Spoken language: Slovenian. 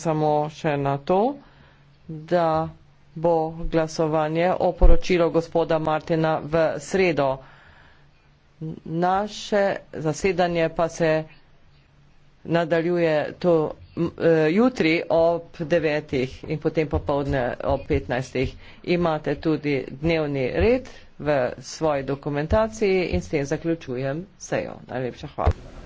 samo še na to, da bo glasovanje o poročilo gospoda Martina v sredo. Naše zasedanje pa se nadaljuje to, eh, jutri ob 9. in potem popovdne ob 15. Imate tudi dnevni red v svoji dokumentaciji in s tem zaključujem sejo. Najlepša hvala.